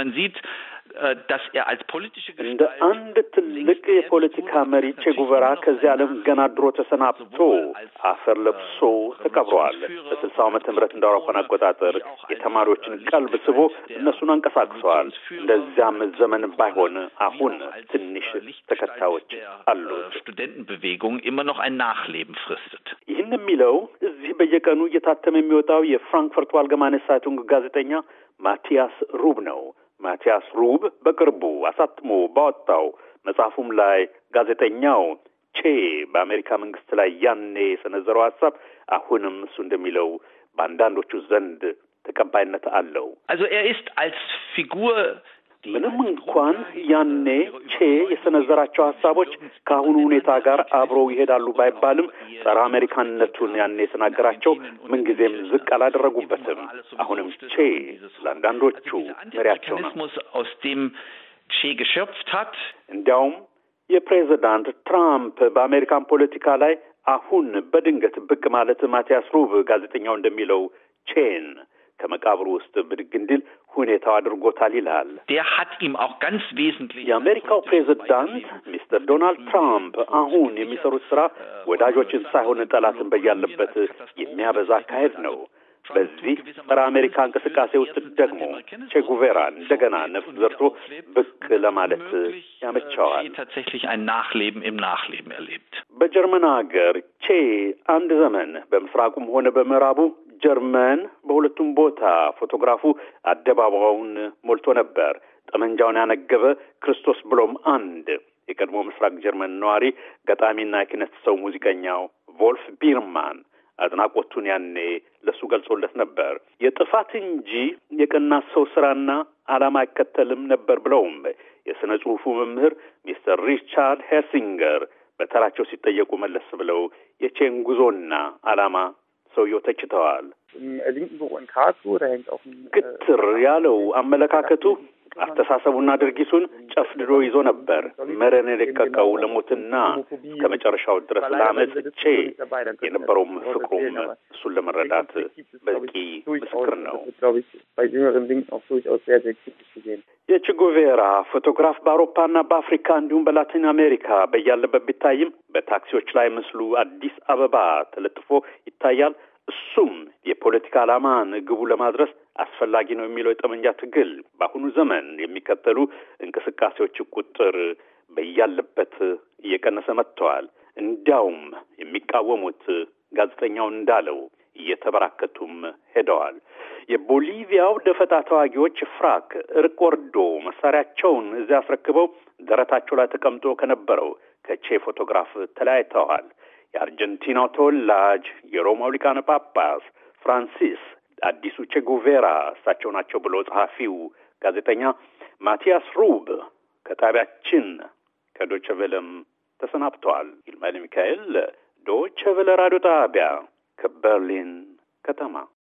Man sieht, እንደ አንድ ትልቅ የፖለቲካ መሪ ቼ ጉቨራ ከዚህ ዓለም ገና ድሮ ተሰናብቶ አፈር ለብሶ ተቀብረዋል። በስልሳው ዓመተ ምህረት እንደ አውሮፓን አቆጣጠር የተማሪዎችን ቀልብ ስቦ እነሱን አንቀሳቅሰዋል። እንደዚያም ዘመን ባይሆን አሁን ትንሽ ተከታዮች አሉት። ይህን የሚለው እዚህ በየቀኑ እየታተመ የሚወጣው የፍራንክፈርቱ አልገማነ ሳይቱንግ ጋዜጠኛ ማቲያስ ሩብ ነው። ማቲያስ ሩብ በቅርቡ አሳትሞ ባወጣው መጽሐፉም ላይ ጋዜጠኛው ቼ በአሜሪካ መንግስት ላይ ያኔ የሰነዘረው ሀሳብ አሁንም እሱ እንደሚለው በአንዳንዶቹ ዘንድ ተቀባይነት አለው። Also er ist als ምንም እንኳን ያኔ ቼ የሰነዘራቸው ሀሳቦች ከአሁኑ ሁኔታ ጋር አብረው ይሄዳሉ ባይባልም ጸረ አሜሪካንነቱን ያኔ የተናገራቸው ምንጊዜም ዝቅ አላደረጉበትም። አሁንም ቼ ለአንዳንዶቹ መሪያቸው ነው። እንዲያውም የፕሬዚዳንት ትራምፕ በአሜሪካን ፖለቲካ ላይ አሁን በድንገት ብቅ ማለት ማቲያስ ሩብ ጋዜጠኛው እንደሚለው ቼን ከመቃብሩ ውስጥ ብድግ እንዲል ሁኔታ አድርጎታል ይላል። የአሜሪካው ፕሬዝዳንት ሚስተር ዶናልድ ትራምፕ አሁን የሚሰሩት ስራ ወዳጆችን ሳይሆን ጠላትን በያለበት የሚያበዛ አካሄድ ነው። በዚህ ጸረ አሜሪካ እንቅስቃሴ ውስጥ ደግሞ ቼጉቬራን እንደገና ነፍስ ዘርቶ ብቅ ለማለት ያመቸዋል። በጀርመን ሀገር ቼ አንድ ዘመን በምስራቁም ሆነ በምዕራቡ ጀርመን በሁለቱም ቦታ ፎቶግራፉ አደባባውን ሞልቶ ነበር። ጠመንጃውን ያነገበ ክርስቶስ ብሎም አንድ የቀድሞ ምስራቅ ጀርመን ነዋሪ ገጣሚና የኪነት ሰው ሙዚቀኛው ቮልፍ ቢርማን አድናቆቱን ያኔ ለሱ ገልጾለት ነበር። የጥፋት እንጂ የቀና ሰው ስራና ዓላማ አይከተልም ነበር ብለውም የሥነ ጽሑፉ መምህር ሚስተር ሪቻርድ ሄርሲንገር በተራቸው ሲጠየቁ መለስ ብለው የቼን ጉዞና ዓላማ ሰውየው ተችተዋል። mm, äh, ግትር ያለው አመለካከቱ አስተሳሰቡና ድርጊቱን ጨፍድዶ ይዞ ነበር። መረን የለቀቀው ለሞትና እስከ መጨረሻው ድረስ ለአመፅ እቼ የነበረውም ፍቅሩም እሱን ለመረዳት በቂ ምስክር ነው። የቺጎቬራ ፎቶግራፍ በአውሮፓና በአፍሪካ እንዲሁም በላቲን አሜሪካ በያለበት ቢታይም በታክሲዎች ላይ ምስሉ አዲስ አበባ ተለጥፎ ይታያል። እሱም የፖለቲካ ዓላማን ግቡ ለማድረስ አስፈላጊ ነው የሚለው የጠመንጃ ትግል በአሁኑ ዘመን የሚከተሉ እንቅስቃሴዎች ቁጥር በያለበት እየቀነሰ መጥተዋል። እንዲያውም የሚቃወሙት ጋዜጠኛው እንዳለው እየተበራከቱም ሄደዋል። የቦሊቪያው ደፈጣ ተዋጊዎች ፍራክ እርቅ ወርዶ መሳሪያቸውን እዚያ አስረክበው ደረታቸው ላይ ተቀምጦ ከነበረው ከቼ ፎቶግራፍ ተለያይተዋል። የአርጀንቲናው ተወላጅ የሮማው ሊቃነ ጳጳስ ፍራንሲስ አዲሱ ቼጉቬራ እሳቸው ናቸው ብሎ ጸሐፊው ጋዜጠኛ ማቲያስ ሩብ ከጣቢያችን ከዶቸ ተሰናብተዋል። ይልማል ሚካኤል ዶቸ ራዲዮ ጣቢያ ከበርሊን ከተማ